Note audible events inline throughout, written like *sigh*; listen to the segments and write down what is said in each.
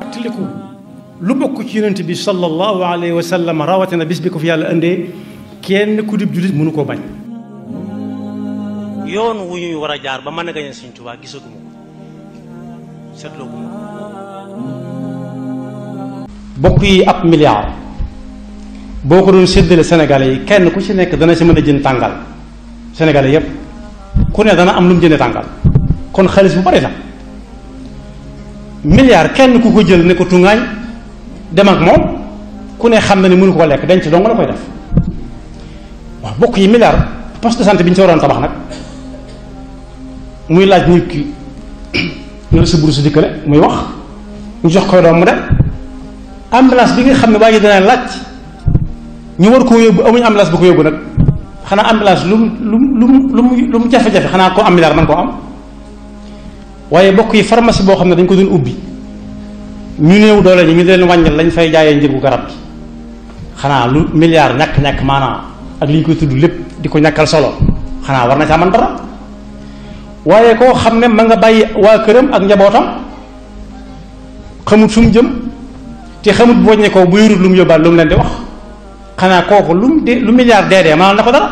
fàttaliku lu bokk ci yonent bi sallallahu alayhi wa sallam rawatina bis bi ko fi yàlla indee kenn ku dib jullit mënu koo bañ. yoon wu ñuy war a jaar ba mën a gañe Sëñ Tuubaa gisaguma ko seetlooguma ko. bokk yi ab milliard boo ko doon séddale Sénégalais yi kenn ku ci nekk dana ci mën a jën tàngal Sénégalais yépp ku ne dana am lu mu jëndee tàngal kon xaalis bu bari la. milliard kenn ku ko jël ne ko tungaañ dem ak moom ku ne xam na ne mënu koo lekk denc dong la koy def waaw bokk yi milliard poste de santé bi ñu ci waroon tabax nag muy laaj nit ki *clears throat* ne la sa bourse dikkale muy wax ñu jox koy doom mu dem ambulance bi nga xam ne waa ji dana laaj ñu war koo yóbbu amuñu ambulance bu ko yóbbu nag xanaa ambulance lu mu lu lu mu lu mu jafe-jafe xanaa ko am milliard man koo am waaye bokk yi pharmacie boo xam ne dañ ko doon ubbi ñu néew doole ñi ñu leen wàññil lañ fay jaayee njëgu garab gi xanaa lu milliard ñàkk-ñàkk maanaa ak li ñu koy tudd lépp di ko ñàkkal solo xanaa war na caa man dara waaye koo xam ne ma nga bàyyi waa këram ak njabootam xamut fu jëm te xamut bu wàññee ko bu yorut lu mu yóbbaal lu mu leen di wax xanaa kooku lu mu de lu milliard dee dee maanaam na ko dara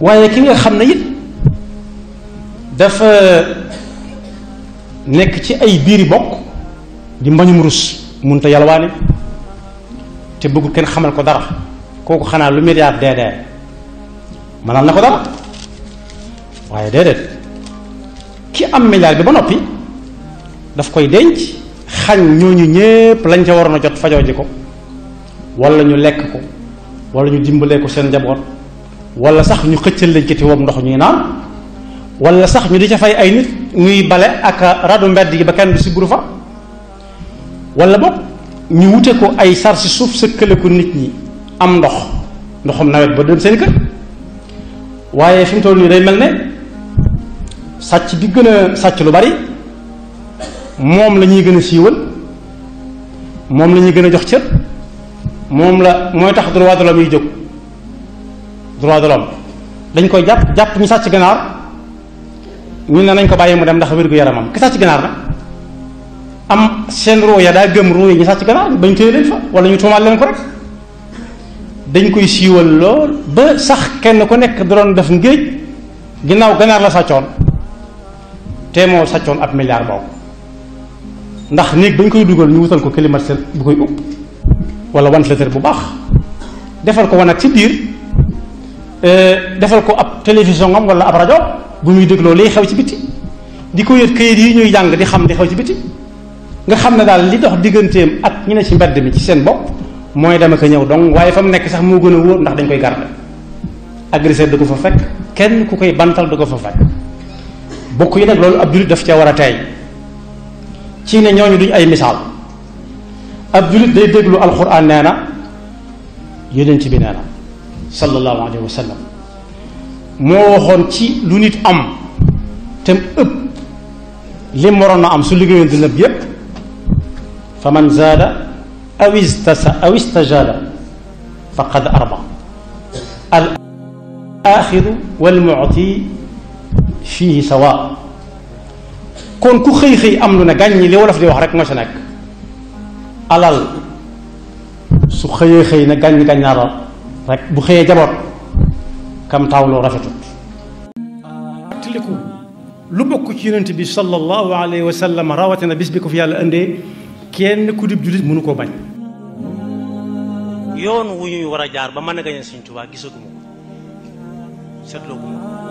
waaye ki nga xam ne it dafa nekk ci ay biiri bokk di mbañum rus munta yalwaane te bëggul kenn xamal ko dara kooku xanaa lu milliard dee dee mënal na ko dara waaye déedéet ki am milliard bi ba noppi daf koy denc xañ ñooñu ñépp lañ ca waroon a jot fajoo ji ko wala ñu lekk ko wala ñu dimbalee ko seen njaboot wala sax ñu xëccal lañ ci ti woom ndox ñuy naan wala sax ñu di ca fay ay nit muy bale ak radu mbedd yi ba kenn du ci buru fa wala bok ñu wute ko ay sar ci suuf se kele ko nit ñi am ndox ndoxum nawet ba dem seen kër waye fim mu ni day melne sàcc bi gëna sàcc lu bari mom lañuy gëna gën mom lañuy gëna jox ciir mom la moy tax droit de l'homme yi jóg droit de l'homme dañ koy jàpp jàpp ñu sàcc ganaar ñu ne nañ ko bàyyi mu dem ndax wér gu yaramam ki sax ci ganaar nag am seen ruu ya daa gëm ruu yi ñu sax ci ganaar bañ téye leen fa wala ñu tuumaal leen ko rek dañ koy siiwal lool ba sax kenn ku nekk da doon def ngéej ginnaaw ganaar la sàccoon te moo sàccoon ab milliard boobu ndax néeg bañ koy dugal ñu wutal ko climatiseur bu koy upp wala ventilateur bu baax defal ko wanag ci biir euh, defal ko ab télévision am wala ab rajo bu muy deglo lay xew ci biti di ko yët këyit yi ñuy jang di xam di xew ci biti nga xam ne daal li dox digganteem ak ñu ne ci mbedd mi ci seen bopp mooy dama ko ñëw dong waaye fa mu nekk sax moo gën a wóor ndax dañ koy agresseur ko fa fekk kenn ku koy bantal du ko fa fekk bokk yi nag loolu ab daf ca war a tey ci ne ñooñu duñ ay misaal day déglu alquran nee na yonent bi nee sallallahu alayhi wa moo waxoon ci lu nit am te mu ëpp li mu waroon a am su liggéeyoon dina yépp fa man zaada aw istasa aw istajaada faqad arba al aaxidu wal muti fiihi sawa kon ku xëy xëy am lu ne gàññi li wolof di wax rek moo si nekk alal su xëyee xëy na gàññ gàññaar rek bu xëyee jaboot كم تاولو رفتت تلكو لبكو كيرنتي بي صلى الله عليه وسلم راوتنا بيسبيكو في الله اندي كين كوديب جوليت منوكو باج يون ويو ورا جار با مانا غاني سيني غيسوكو مكو